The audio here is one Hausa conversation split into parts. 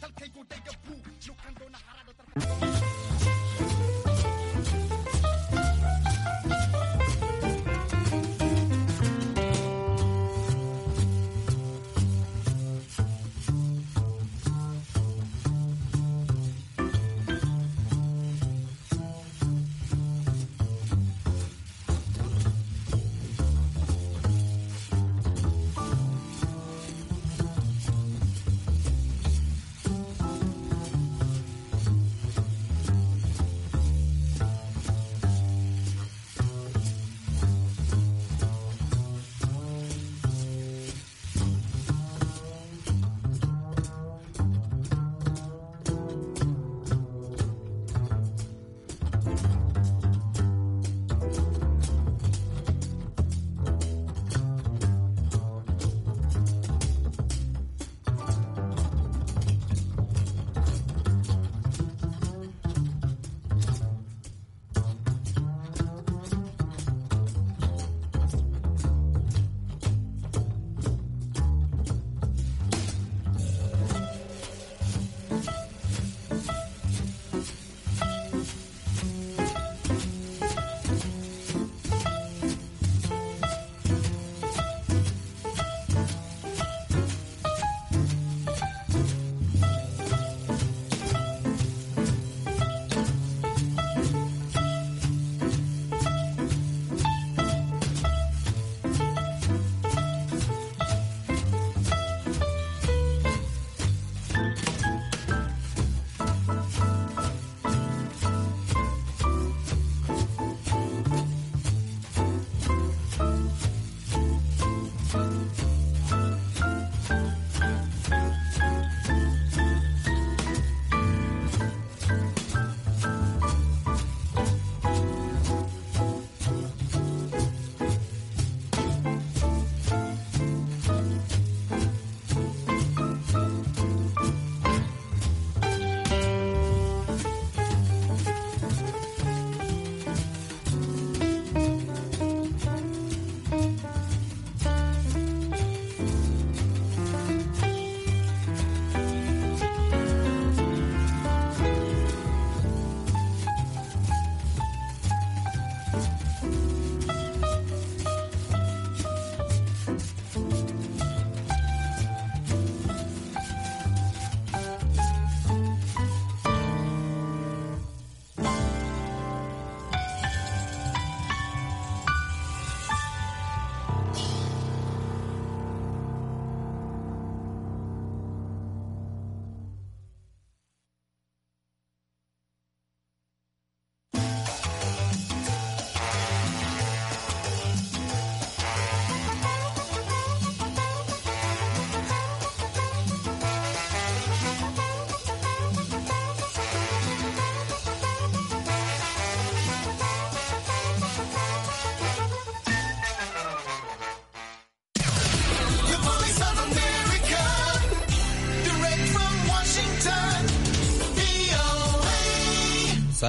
Tal que yo tenga blue, yo do na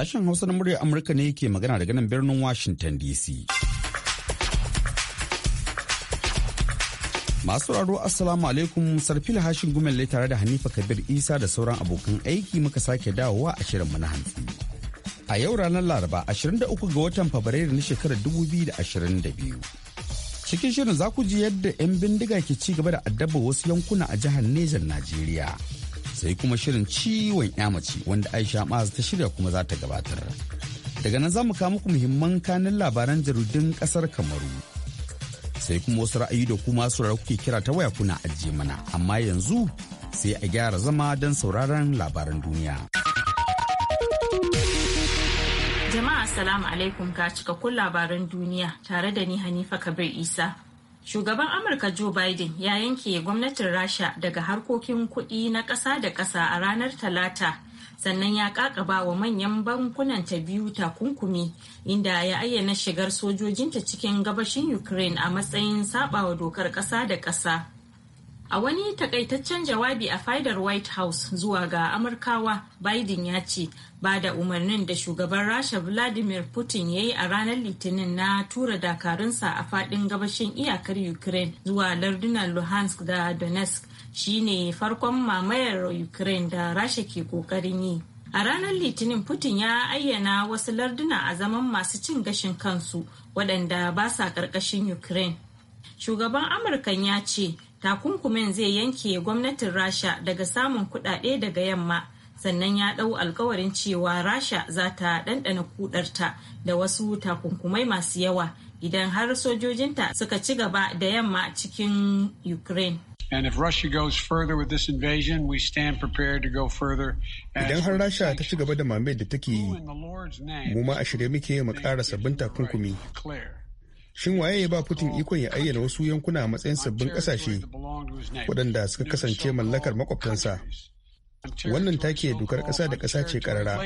Sashen Hausa na muryar Amurka ne ke magana daga nan birnin Washington DC. Masu raro Assalamu alaikum Sarfil Hashin Gumelle tare da Hanifa Kabir Isa da sauran abokan aiki muka sake dawowa a shirin na hantsi. A yau ranar Laraba 23 ga watan Fabrairu na shekarar 2022. Cikin shirin za ku ji yadda 'yan bindiga ke ci gaba da addaba wasu yankuna a jihar Nejan Najeriya. sai kuma shirin ciwon mace wanda aisha maz ta shirya kuma za ta gabatar daga nan za mu kawo muku muhimman kanin labaran jaridun kasar kamaru sai kuma wasu ra'ayi da kuma sauraro kuke kira ta waya kuna ajiye mana amma yanzu sai a gyara zama don sauraron labaran duniya jama'a salamu alaikum ga kun labaran duniya tare da ni hanifa kabir isa Shugaban Amurka Joe Biden ya yanke gwamnatin Rasha daga harkokin kuɗi na ƙasa da ƙasa a ranar Talata, sannan ya ƙaƙabawa wa manyan bankunan ta biyu takunkumi inda ya ayyana shigar sojojinta cikin gabashin Ukraine a matsayin saɓawa dokar ƙasa da ƙasa. A wani takaitaccen jawabi a fadar White House zuwa ga Amurkawa, Biden ya ce ba da umarnin da shugaban Rasha Vladimir Putin ya yi a ranar Litinin na tura dakarunsa a fadin gabashin iyakar Ukraine zuwa lardunan Luhansk da Donetsk shine farkon mamayar Ukraine da Rasha ke kokarin yi. A ranar Litinin Putin ya ayyana wasu larduna a zaman masu cin gashin kansu waɗanda ba sa ƙarƙashin Ukraine. Shugaban Amurkan ya ce takunkumin zai yanke gwamnatin rasha daga samun kudade daga yamma sannan ya dau alkawarin cewa rasha za ta dandana kudarta da wasu takunkumai masu yawa idan har sojojinta suka ci gaba da yamma cikin ukraine And if Russia goes further with this invasion, we stand prepared to go further. Idan har Rasha ta ci gaba da mamayar da take yi, mu ma a shirye muke mu ƙara sabbin takunkumi. Shin waye ya ba Putin ikon ya ayyana wasu yankuna a matsayin sabbin kasashe waɗanda suka kasance mallakar makwabtansa? Wannan take dokar ƙasa da ƙasa ce ƙarara.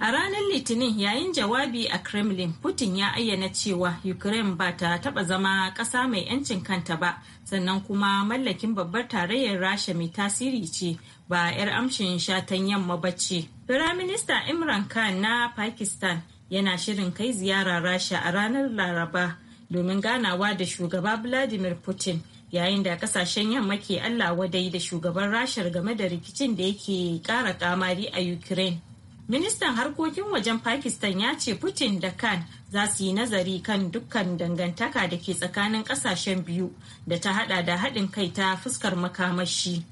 A ranar Litinin yayin jawabi a Kremlin, Putin ya ayyana cewa Ukraine ba ta taɓa zama ƙasa mai 'yancin kanta ba, sannan kuma mallakin babbar tarayyar Rasha mai tasiri ce ba 'yar amshin shatan yamma ba ce. Firaminista Imran Khan na Pakistan yana shirin kai ziyara rasha a ranar laraba domin ganawa da shugaba vladimir putin yayin da kasashen yamma ke allah wadai da shugaban rashar game da rikicin da yake kara kamari a ukraine ministan harkokin wajen pakistan ya ce putin da khan za su yi nazari kan dukkan dangantaka da ke tsakanin kasashen biyu da ta hada da haɗin kai ta fuskar makamashi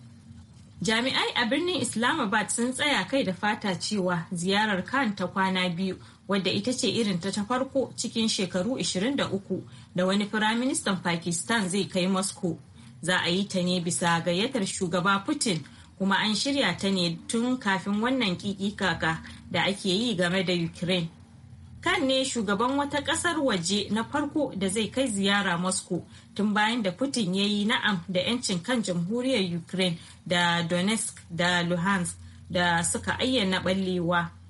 jami'ai a birnin islamabad sun tsaya kai da fata cewa ziyarar khan ta kwana biyu wadda ita ce irin ta ta farko cikin shekaru 23 da wani firaministan pakistan zai kai moscow za a yi ta ne bisa gayyatar shugaba putin kuma an shirya ta ne tun kafin wannan kaka da ake yi game da ukraine kan ne shugaban wata kasar waje na farko da zai kai ziyara moscow tun bayan da putin ya yi na'am da 'yancin kan jamhuriyar ukraine da donetsk da luhansk da suka ayyana ballewa.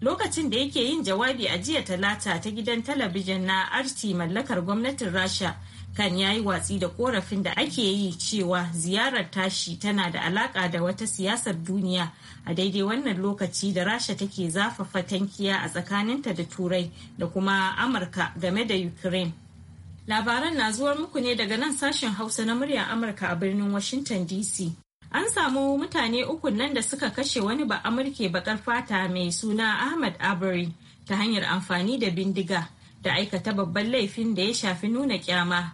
lokacin da yake yin jawabi a jiya talata ta gidan talabijin na RT mallakar gwamnatin rasha kan ya yi watsi da korafin da ake yi cewa ziyarar tashi tana da alaka da wata siyasar duniya a daidai wannan lokaci da rasha take zafafa tankiya a tsakaninta da turai da kuma amurka game da ukraine labaran na zuwar muku ne daga nan sashen hausa na muryar amurka a birnin washington dc an samu mutane uku nan da suka kashe wani ba amurke bakar fata mai suna ahmad abari ta hanyar amfani da bindiga da aikata babban laifin da ya shafi nuna kyama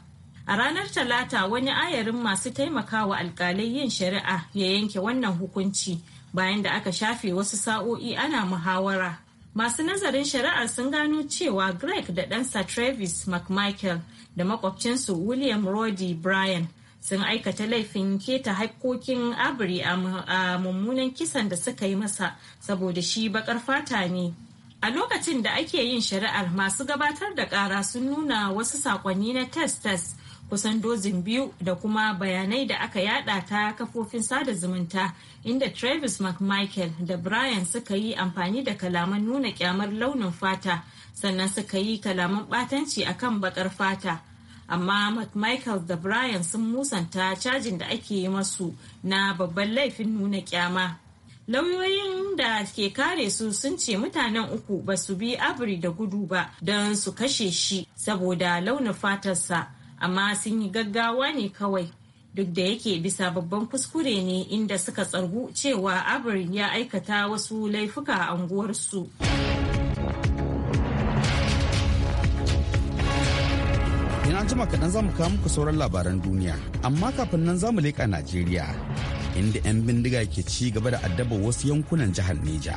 a ranar talata wani ayarin masu taimakawa alkalai yin shari'a ya yanke wannan hukunci bayan da aka shafe wasu sa'o'i ana muhawara masu nazarin shari'ar sun gano cewa greg da ɗansa travis mcmichael da makwabcinsu william roddy bryan sun aikata laifin keta haƙƙoƙin abiri a mummunan kisan da suka yi masa saboda shi bakar fata ne a lokacin da ake yin shari'ar masu gabatar da ƙara sun nuna wasu saƙonni na test-test kusan dozin biyu da kuma bayanai da aka yada ta kafofin sada zumunta inda travis mcmichael da brian suka yi amfani da kalaman nuna kyamar launin fata sannan suka yi kalaman batanci akan bakar fata amma michael da brian sun musanta cajin da ake yi masu na babban laifin nuna kyama lauyoyin da ke kare su sun ce mutanen uku ba su bi abri da gudu ba don su kashe shi saboda launin fatarsa amma sun yi gaggawa ne kawai duk da yake bisa babban kuskure ne inda suka tsargu cewa abri ya aikata wasu laifuka a unguwarsu. Idan jima kaɗan za mu kawo muku sauran labaran duniya, amma kafin nan za mu leƙa Najeriya, inda 'yan bindiga ke ci gaba da addaba wasu yankunan jihar Neja.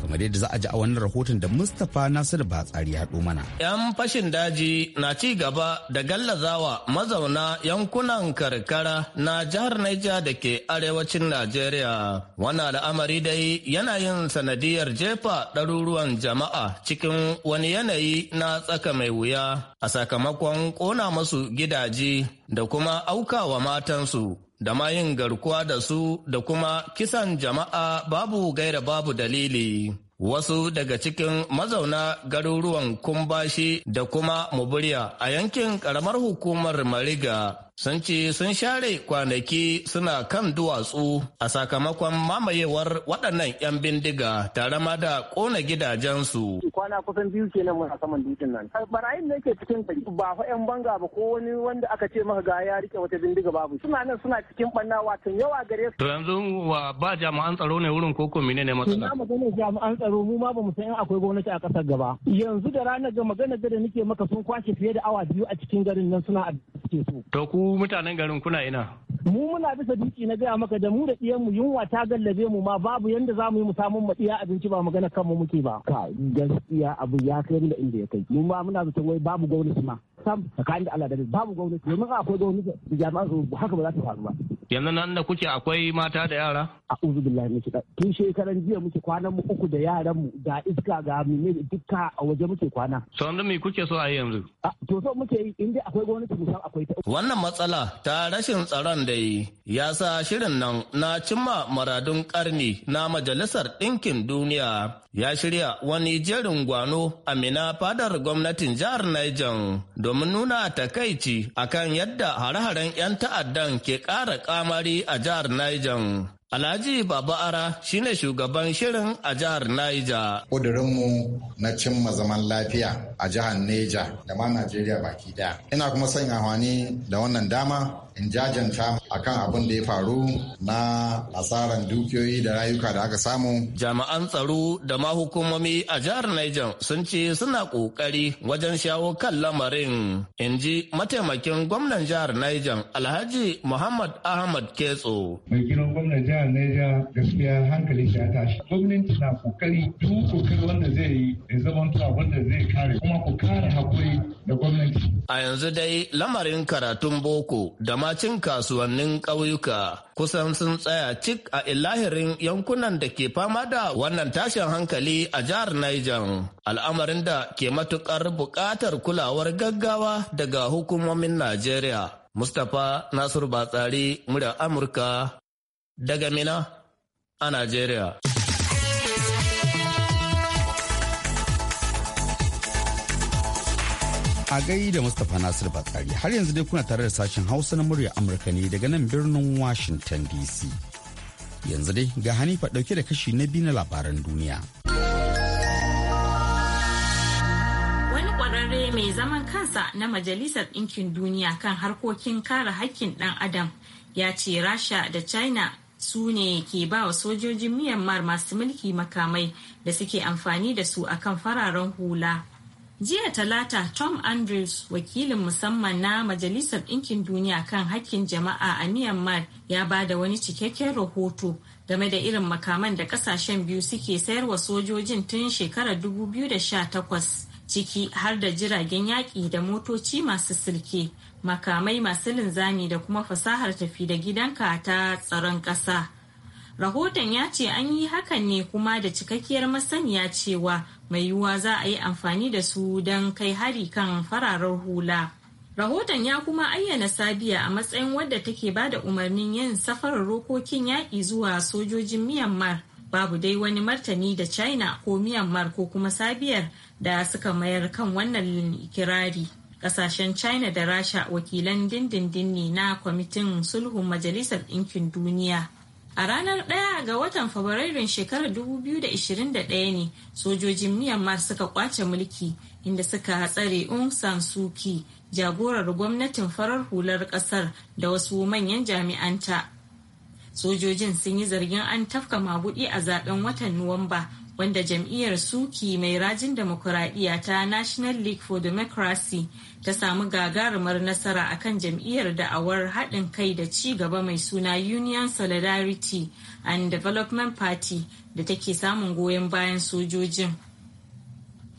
kamar yadda za a ji a wannan rahoton da mustapha nasiru tsari ya mana. yan fashin daji na ci gaba da gallazawa mazauna yankunan karkara na jihar naija da ke arewacin najeriya wannan al'amari dai yana yin sanadiyar jefa ɗaruruwan jama'a cikin wani yanayi na tsaka mai wuya a sakamakon ƙona masu gidaje da kuma auka wa matansu da ma yin garkuwa da su da kuma kisan jama'a babu gaira babu dalili. Wasu daga cikin mazauna garuruwan Kumbashi da kuma Muburiya a yankin ƙaramar hukumar Mariga sun ce sun share kwanaki suna kan duwatsu a sakamakon mamayewar waɗannan 'yan bindiga tare ma da ƙona gidajensu. Kwana kusan biyu ke kenan muna saman dutsen nan. Barayin da yake cikin gari ba fa 'yan banga ba ko wani wanda aka ce maka ga ya rike wata bindiga babu. Suna nan suna cikin ɓanna watan yawa gare su. Yanzu wa ba jami'an tsaro ne wurin ko ko menene matsala? Ina magana jami'an tsaro mu ma ba mu san akwai gwamnati a ƙasar gaba. Yanzu da ranar ga magana da nake maka sun kwashe fiye da awa biyu a cikin garin nan suna a su. To mutanen garin kuna ina mu muna bisa duki na gaya maka da mu da ɗiyan mu yunwa ta gallabe mu ma babu yanda za mu yi mu samu mu abinci ba magana kanmu muke ba ka gaskiya abu ya kai da inda ya kai mu ma muna zaton wai babu gwamnati ma sam tsakanin da Allah da babu gwamnati domin akwai gwamnati da jami'an tsaro haka ba za ta faru ba yanzu nan da kuke akwai mata da yara a uzu billahi muke da tun shekaran jiya muke kwanan mu uku da yaran mu ga iska ga mene dukka a waje muke kwana sannan me kuke so a yi yanzu to so muke yi in dai akwai gwamnati mu san akwai ta wannan matsala ta rashin tsaron da yi ya sa shirin nan na cimma maradun karni na majalisar ɗinkin duniya ya shirya wani jerin gwano a mina fadar gwamnatin jihar Niger domin nuna takaici akan yadda hare-haren 'yan ta'addan ke ƙara kamari a jihar Niger. Alhaji Baba Ara shine shugaban shirin a jihar Niger. Ƙudurinmu na cimma zaman lafiya a jihar Neja da ma Najeriya baki daya. Ina kuma son amfani da wannan dama in jajanta akan abin da ya faru na asaran dukiyoyi da rayuka da aka samu. Jami'an tsaro da ma hukumomi a jihar Niger sun ce suna kokari wajen shawo kan lamarin. In ji mataimakin gwamnan jihar Niger Alhaji Muhammad Ahmad Ketso. Mai gidan gwamnan jihar Niger gaskiya hankali shi ya tashi. Gwamnati na kokari duk kokari wanda zai yi ya zama wanda zai kare kuma ku kare hakuri da gwamnati. A yanzu dai lamarin karatun boko da ma Yammacin kasuwannin ƙauyuka kusan sun tsaya cik a ilahirin yankunan da ke fama da wannan tashin hankali a jihar Niger. Al'amarin da ke matukar buƙatar kulawar gaggawa daga hukumomin Najeriya. Mustapha Nasiru Batsari, muryar Amurka, daga Mina a Najeriya. A gai da Mustapha Nasir Batsari har yanzu dai kuna tare da sashen Hausa na murya Amurka ne daga nan birnin Washington DC. Yanzu dai ga Hanifa ɗauke da kashi na biyu na labaran duniya. Wani ƙwararre mai zaman kansa na Majalisar Ɗinkin Duniya kan harkokin kare hakkin ɗan Adam ya ce Rasha da China su ne ke ba wa sojojin Myanmar masu mulki makamai da suke amfani da su akan fararen hula. Jiya Talata Tom Andrews wakilin musamman na Majalisar Ɗinkin Duniya kan hakkin jama'a a Myanmar ya ba da wani cikakken rahoto game da irin makaman da ƙasashen biyu suke sayarwa sojojin tun shekarar 2018 ciki har da jiragen yaƙi da motoci masu silke makamai masu linzami da kuma fasahar tafi da gidanka ta tsaron ƙasa. Rahoton ya ce an yi hakan ne kuma da cikakkiyar masaniya cewa mai yiwuwa za a yi amfani da su don kai hari kan fararen hula. Rahoton ya kuma ayyana Sabiya a matsayin wadda take ba da umarnin yin safarar rokokin yaƙi zuwa sojojin Myanmar. Babu dai wani martani da China ko Myanmar ko kuma Sabiyar da suka mayar kan wannan ikirari. Kasashen China da Rasha wakilan dindindin ne na kwamitin sulhun Majalisar Ɗinkin Duniya. A ranar ɗaya ga watan Fabrairun shekarar 2021 ne sojojin Myanmar suka kwace mulki inda suka hatsare Aung San Suu Kyi jagorar gwamnatin farar hular ƙasar da wasu manyan jami'anta. Sojojin sun yi zargin an tafka maguɗi a zaben watan Nuwamba wanda jam'iyyar suki mai rajin demokuraɗiyya ta national league for democracy ta samu gagarumar nasara a kan jam'iyyar da'awar haɗin kai da ci gaba mai suna union solidarity and development party da take samun goyon bayan sojojin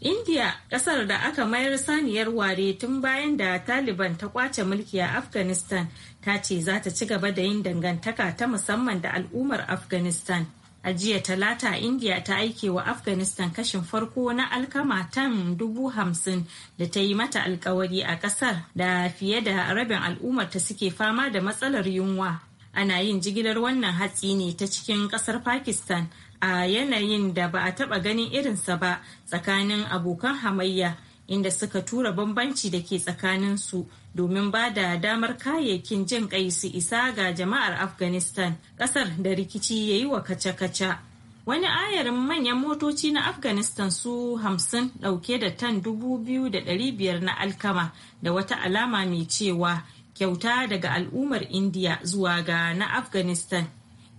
india ƙasar da aka mayar saniyar ware tun bayan da taliban ta kwace mulki a afghanistan ta ce za ta ci gaba da yin dangantaka ta musamman da al'ummar afghanistan a jiya talata india ta aike wa afghanistan kashin farko na alkama tan dubu hamsin da ta yi mata alkawari a kasar da fiye da rabin al'ummarta suke fama da matsalar yunwa ana yin jigilar wannan hatsi ne ta cikin kasar pakistan a yanayin da ba a taba ganin irinsa ba tsakanin abokan hamayya inda suka tura bambanci da ke tsakanin su domin ba da damar kayayyakin jin kai su isa ga jama'ar afghanistan kasar da rikici ya yi wa kaca-kaca wani ayarin manyan motoci na afghanistan su hamsin dauke da tan dubu biyu da biyar na alkama da wata alama mai cewa kyauta daga al'ummar indiya zuwa ga na afghanistan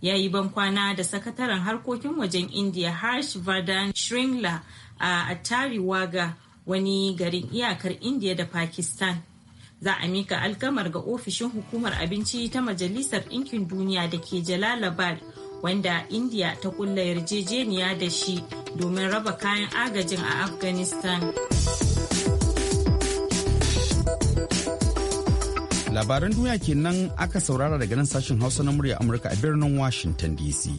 ya yi bankwana da sakataren harkokin wajen india harsh vardhan shringla a attariwaga wani garin iyakar indiya da pakistan za a mika alkamar ga ofishin hukumar abinci ta majalisar ɗinkin duniya da ke jalalabad wanda indiya ta kulla yarjejeniya da shi domin raba kayan agajin a afghanistan labaran duniya kenan aka saurara daga nan sashen hausa na murya amurka a birnin washington dc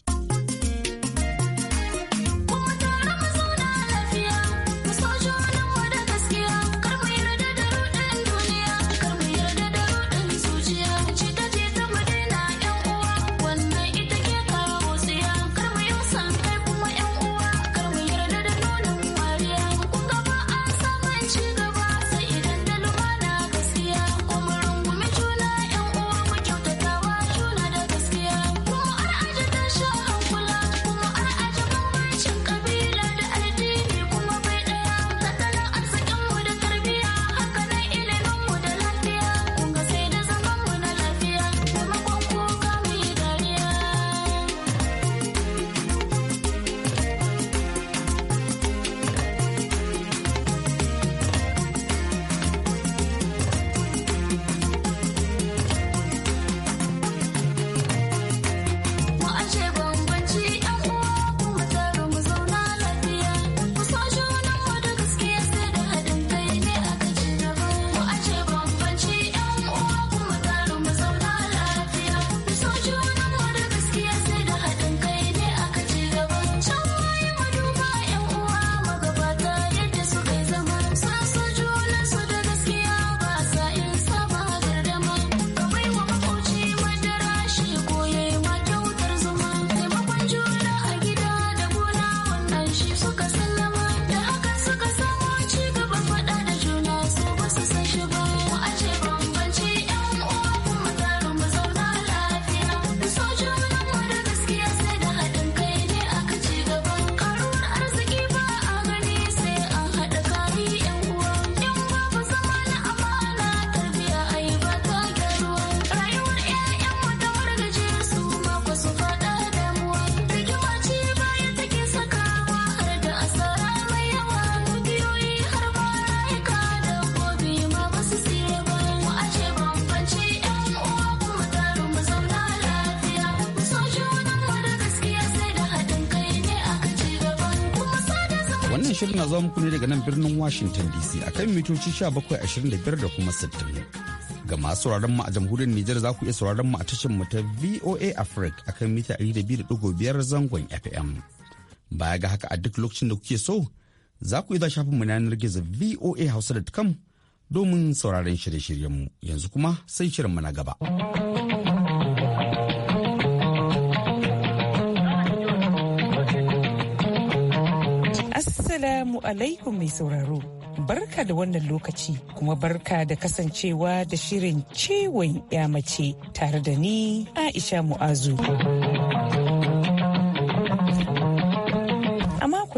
shirin na zama muku ne daga nan birnin Washington DC kan mitoci 1725 da kuma 60. Ga masu sauraron mu a jamhuriyar Nijar za ku iya sauraron mu a tashar mu ta VOA Africa a kan mita 200.5 zangon FM. Baya ga haka a duk lokacin da kuke so za ku iya shafin mu na yanar gizo VOA Hausa.com domin sauraron shirye shiryen mu yanzu kuma sai shirin mu na gaba. Assalamu alaikum mai sauraro. Barka da wannan lokaci kuma barka da kasancewa da shirin ciwon mace tare da ni Aisha Mu'azu.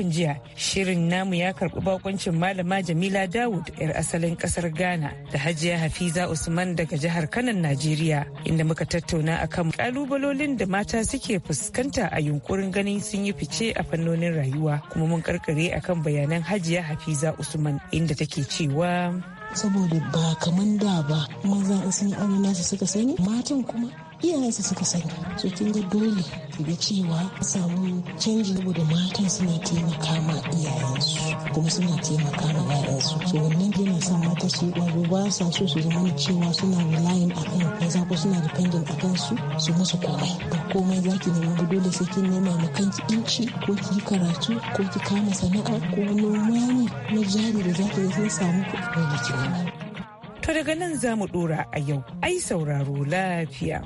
makon jiya shirin namu ya karbi bakoncin malama jamila dawud yar asalin kasar ghana da hajiya hafiza usman daga jihar kanan najeriya inda muka tattauna akan kalubalolin da mata suke fuskanta a yunkurin ganin sun yi fice a fannonin rayuwa kuma mun karkare akan bayanan hajiya hafiza usman inda take cewa saboda ba kaman da ba mazan sun yi aure nasu suka sani matan kuma iyayensa suka sani so kin ga dole ga cewa samu canji saboda matan suna taimaka ma iyayensu kuma suna taimaka ma yayansu so wannan yana sa mata su yi ba sa so su zama cewa suna relying akan maza ko suna dependent akan su su musu komai ba komai zaki nema ba dole sai kin nema ma kanki inci ko ki karatu ko ki kama sana'a ko noma ne na jari da ki ga sun samu kuɗi ne ki nema To daga nan za mu dora a yau, ai sauraro lafiya.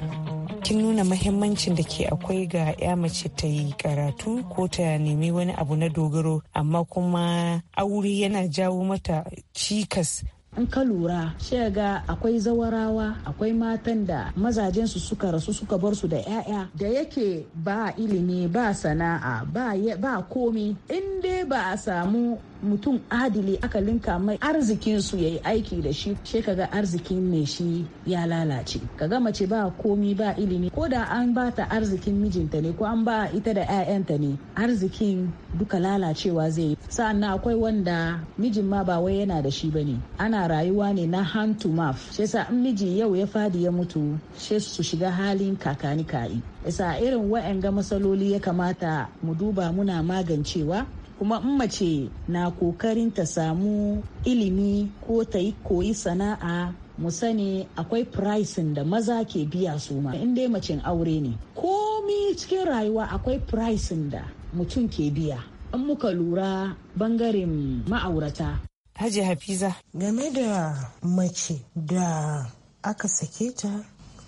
Kin nuna mahimmancin da ke akwai ga ya mace ta yi karatu ko ta nemi wani abu na dogaro amma kuma aure yana jawo mata cikas in ka lura sai akwai zawarawa akwai matan da mazajensu suka rasu suka bar su da 'ya'ya da yake ba ilimi ba sana'a ba, ba komi in dai ba a samu mutum adili aka linka mai arzikin su yayi aiki da shi she kaga arzikin mai shi ya lalace kaga mace ba komi ba ilimi ko da an ba ta arzikin mijinta ne ko an ba ita da 'ya'yanta ne arzikin duka lalacewa zai yi sa'annan akwai wanda mijin ma ba wai yana da shi bane ana rayuwa ne na hand to mouth shi yasa in miji yau ya fadi ya mutu she su shiga halin kakani ka'i yasa irin wa'anga masaloli ya kamata mu duba muna magancewa kuma in mace na kokarin ta samu ilimi ko ta yi koyi sana'a mu sani akwai pricing da maza ke biya su ma in dai macen aure ne komi cikin rayuwa akwai pricing da mutum ke biya in muka lura bangaren ma'aurata Haji Hafiza. Game da mace da aka sake ta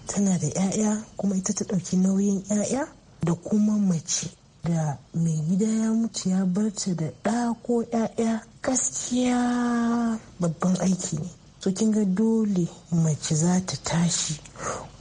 tana da 'ya'ya kuma ita ta ɗauki nauyin 'ya'ya da kuma mace da mai gida ya mutu ya barta da ɗa ko ‘ya'ya gaskiya babban aiki ne. So kin ga dole mace za ta tashi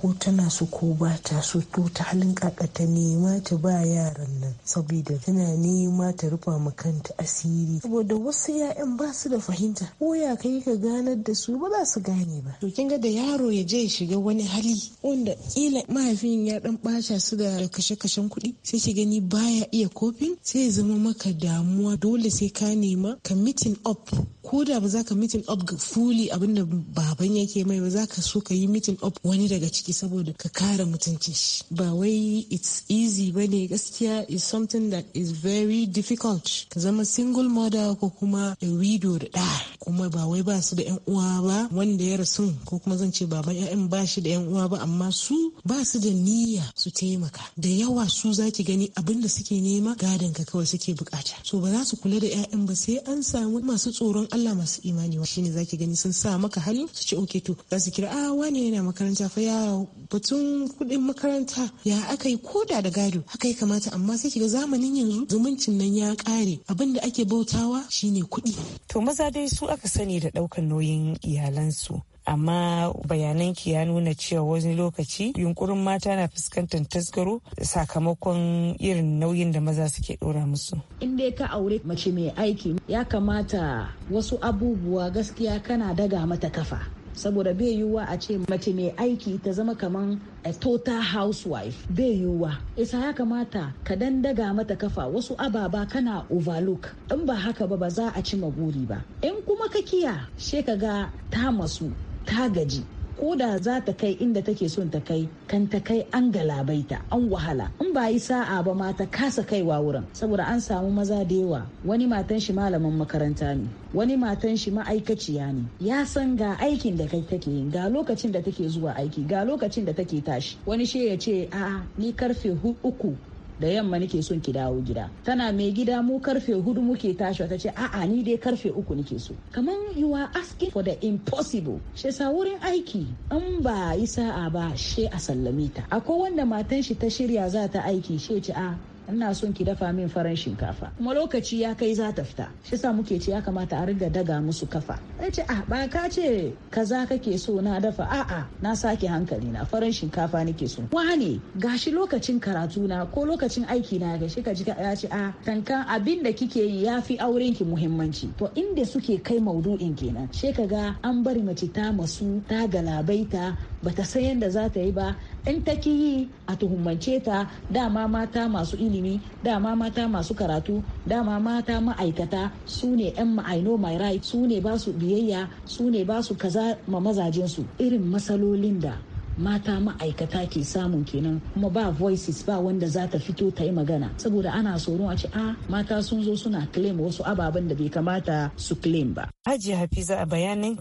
ko tana so ko ba ta so to ta halin kaka ta nema ta ba yaran nan saboda tana nema ta rufa ma kanta asiri saboda wasu 'ya'yan ba su da fahimta ko ya kai ka ganar da su ba za su gane ba to kin ga da yaro ya je shiga wani hali wanda kila mahaifin ya dan baca su da kashe-kashen kuɗi sai ki gani baya iya kofin sai ya zama maka damuwa dole sai ka nema ka mitin up ko da ba za ka mitin up ga fuli abinda baban yake mai ba za ka so ka yi mitin up wani daga ciki saboda ka kare mutunci shi ba wai it's easy ba ne gaskiya is something that is very difficult ka zama single mother ko kuma a widow da ɗa kuma ba wai ba su da yan uwa ba wanda ya rasu ko kuma zan ce baban yayan ba shi da yan uwa ba amma su ba su da niyya su taimaka da yawa su zaki gani abin da suke nema gadon ka kawai suke bukata so ba za su kula da yayan ba sai an samu masu tsoron Allah masu imani shine zaki gani sun sa maka hali su ce okay to za su kira a ah, wane yana makaranta haifa yaro batun kuɗin makaranta ya aka yi koda da gado haka ya kamata amma sai kiga zamanin yanzu zumuncin nan ya ƙare abin da ake bautawa shine kuɗi. To maza dai su aka sani da ɗaukan nauyin iyalansu amma bayananki ya nuna cewa wani lokaci yunkurin mata na fuskantar tasgaro sakamakon irin nauyin da maza suke dora musu in dai ka aure mace mai aiki ya kamata wasu abubuwa gaskiya kana daga mata kafa saboda bai yiwuwa a ce mace mai aiki ta zama kaman a total housewife bai yiwuwa isa ya kamata ka dandaga mata kafa wasu ababa kana overlook in ba haka ba ba za a ci maguri ba in kuma ka kiya she ga ta masu ta gaji Koda za ta kai inda take son ta kai kan ta kai an galabaita an wahala in ba yi sa'a ba ma ta kasa kaiwa wurin saboda an samu maza da yawa wani matan shi malamin makaranta ne wani matan shi ma'aikaciya ne ya san ga aikin da kai take yi ga lokacin da take zuwa aiki ga lokacin da take tashi wani shi ya ce a'a ni karfe uku da yamma nake son ki dawo gida tana mai gida mu karfe hudu muke tashi ta ce a'a ni dai karfe uku nake so kaman you are asking for the impossible she sa wurin aiki in ba yi sa'a ba she a sallame ta akwai wanda matan shi ta shirya za ta aiki she ce a ina son ki dafa min farin shinkafa kuma lokaci ya kai za ta fita shi sa muke ce ya kamata a riga daga musu kafa sai ce ah ba ka ce kaza kake so na dafa a'a na sake hankali na farin shinkafa nake so wane gashi lokacin karatu na ko lokacin aiki na ga shi ka ji ya ce a ah, tankan abin da kike yi ya fi auren ki muhimmanci to inda suke kai maudu'in kenan shi ka ga an bari mace ta masu ta galabaita bata san yadda za ta yi ba in ta ki yi a tuhumance ta dama mata masu ilimi dama mata masu karatu dama mata ma'aikata su ne 'yan ma'aino mai rai su ne ba su biyayya su ne ba su kaza ma mazajensu irin masalolin da mata ma'aikata ke samun kenan kuma ba voices ba wanda za ta fito ta yi magana saboda ana tsoro a ce a ah, mata sun zo suna claim wasu ababen da bai kamata su claim ba. Hajiya Hafiza a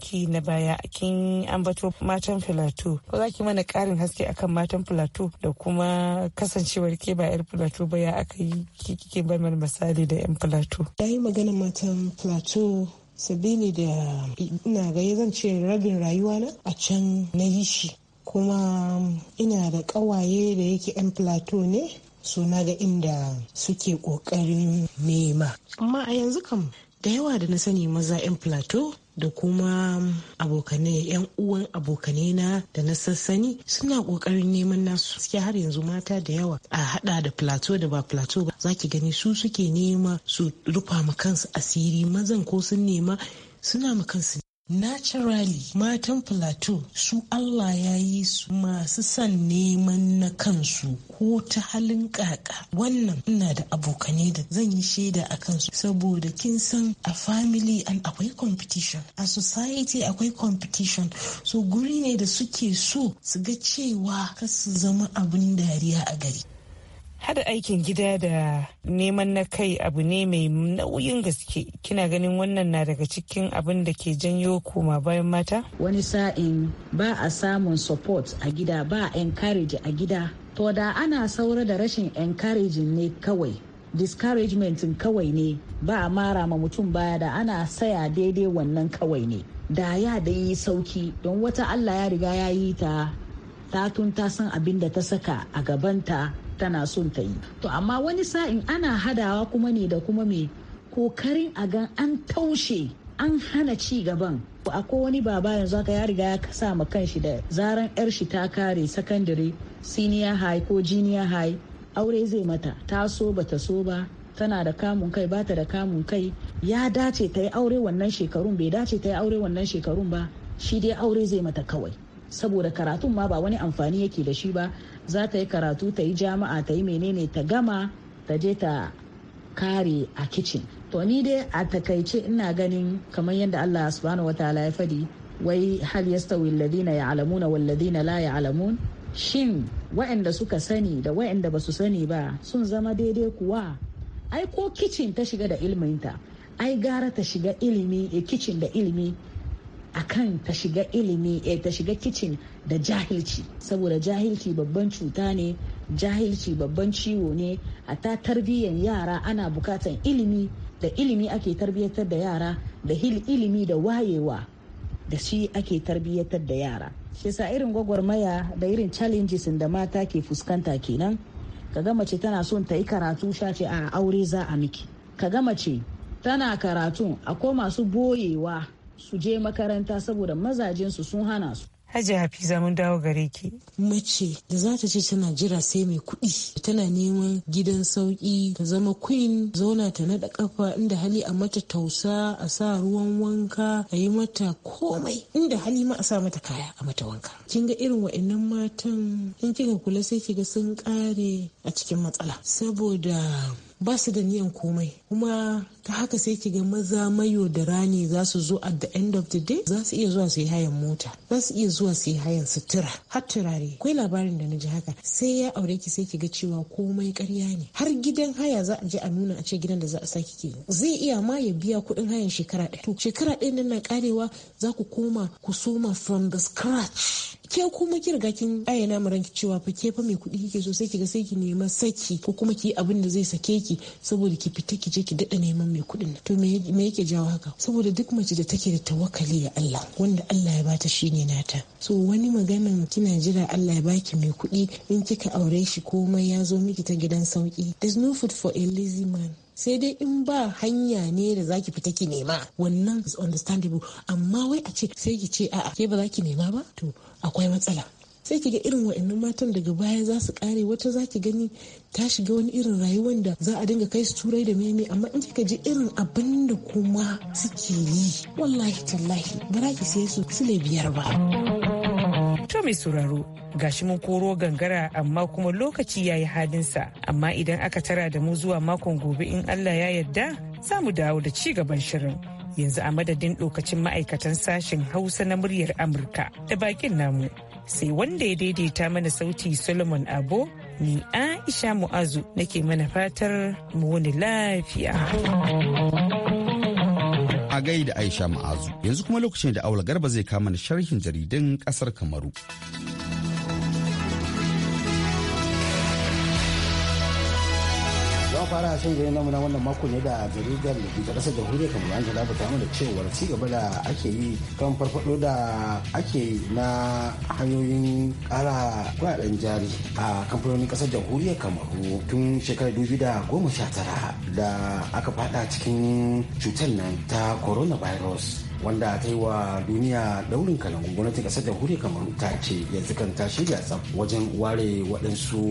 ki na baya kin ambato matan filato ko za ki mana karin haske akan matan filato da kuma kasancewar ke ba yar filato ba ya aka yi kike mana misali da yan filato. Ya yi magana matan filato sabili da ina ga zan ce rabin rayuwa na a can na yi shi kuma ina da ƙawaye da yake 'yan plateau ne suna ga inda suke ƙoƙarin nema amma a yanzu kam da yawa da na sani maza 'yan plateau da kuma abokanai yan uwan abokanai na da na sassani suna kokarin neman nasu suke har yanzu mata da yawa a hada da plateau da ba plateau ba zaki gani su suke nema su rufa ma kansu asiri mazan ko sun nema suna ma kansu naturally matan plateau su allah ya yi su masu son neman na kansu ko ta halin kaka wannan ina da abokane da zan yi shaida a kansu saboda kin san a family an akwai competition a society akwai competition so guri ne da suke so su ga cewa kar su zama abin dariya a gari hada aikin gida da neman na kai abu ne mai nauyin gaske kina ganin wannan na daga cikin abin da ke janyo koma bayan mata wani sa'in ba a samun support a gida ba a encourage a gida to da ana saura da rashin encouraging ne kawai discouragement kawai ne ba a mara ma mutum baya da ana saya daidai wannan kawai ne da ya da yi sauki don wata allah ya riga ya yi ta ta tun ta san abin da ta saka a gabanta tana son ta yi to amma wani sa'in ana hadawa kuma ne da kuma mai kokarin a gan an taushe an hana ci gaban akwai wani baba yanzu haka ya riga ya sa ma kanshi da zaran yar shi ta kare sakandare senior high ko junior high aure zai mata ta so ba ta so ba tana da kamun kai ba ta da kamun kai ya dace ta yi aure wannan shekarun bai dace ta yi aure wannan shekarun ba shi dai aure zai mata kawai saboda karatun ma ba wani amfani yake da shi ba za ta yi karatu ta yi jama'a ta yi menene ta gama ta je ta kare a kicin to ni dai a takaice ina ganin kamar yadda allah subhanahu wa ta'ala ya fadi wai hal yastawi alladhina ya'lamuna walladhina la ya'lamun shin waɗanda suka sani da waɗanda ba su sani ba sun zama daidai kuwa ai ko kicin ta shiga da ilminta ai gara ta shiga ilimi e eh, kicin da ilimi akan ta shiga ilimi eh, ta shiga kicin da jahilci saboda jahilci babban cuta ne jahilci babban ciwo ne a ta tarbiyyar yara ana bukatan ilimi da ilimi ake tarbiyyatar da yara da hil ilimi da wayewa da shi ake tarbiyyatar da yara shi irin gwagwarmaya da irin challenges da mata ke fuskanta kenan kaga mace tana son ta yi karatu shace a aure za a miki kaga mace tana karatun akwai masu boyewa su je makaranta saboda mazajensu sun hana su Hajji Hafiza mun dawo gare ki. Mace da za ta ce tana jira sai mai kuɗi tana neman gidan sauƙi ta zama queen zauna ta naɗa ƙafa inda hali a mata tausa a sa ruwan wanka a yi mata komai inda hali ma a sa mata kaya a mata wanka. Kin ga irin wa'annan matan in kika kula sai kiga sun ƙare a cikin matsala saboda ba su da niyan komai kuma ta haka sai ki ga maza mayo da rani za su zo at the end of the day za su iya zuwa su yi hayan mota za su iya zuwa su yi hayan sutura har turare akwai labarin da na ji haka sai ya aure ki sai ki ga cewa komai karya ne har gidan haya za a je a nuna a ce gidan da za a saki ke zai iya ma ya biya kuɗin hayan shekara ɗaya to shekara ɗaya nan na karewa za ku koma ku soma from the scratch ke kuma ki riga kin ayyana mu ranki cewa fa ke fa mai kuɗi kike so sai kiga sai ki nema saki ko kuma ki abin da zai sake ki saboda ki fita ki je ki dada neman mai kuɗin to me yake jawo haka saboda duk mace da take da tawakkali ya Allah wanda Allah ya bata ne nata so wani maganan kina jira Allah ya baki mai kuɗi in kika aure shi komai ya zo miki ta gidan sauki there's no food for a lazy man sai dai in ba hanya ne da zaki fita ki nema wannan is understandable amma wai a ce sai ki ce a'a ke ba za ki nema ba to akwai matsala sai ki ga irin wa'annan matan daga baya za su kare wata za ki gani ta shiga wani irin rayuwar da za a dinga kai su turai da meme amma in kika ji irin abin da kuma suke yi wallahi tallahi za ki sai su sile biyar ba. To mai sauraro gashi mun koro gangara amma kuma lokaci ya yi hadinsa amma idan aka tara da mu zuwa makon gobe in Allah ya yarda za mu dawo da ci gaban shirin. yanzu a madadin dokacin ma'aikatan sashen hausa na muryar amurka da bakin namu sai wanda ya daidaita mana sauti solomon abo ni aisha mu'azu nake mana fatar mu wani lafiya a gaida aisha mu'azu yanzu kuma lokacin da aula garba zai kama sharhin jaridan kasar kamaru fara sai da yanayi na wannan mako ne da jaridar da ke kasar jamhuriyar kamar an ta ta da cewar ci gaba da ake yi kan farfado da ake na hanyoyin kara kudaden jari a kamfanonin kasar jamhuriyar kamar tun shekarar dubi da goma sha tara da aka fada cikin cutar nan ta coronavirus wanda ta yi wa duniya daurin kalangu gwamnatin kasar jamhuriyar kamar ta ce yanzu kan ta shirya tsaf wajen ware waɗansu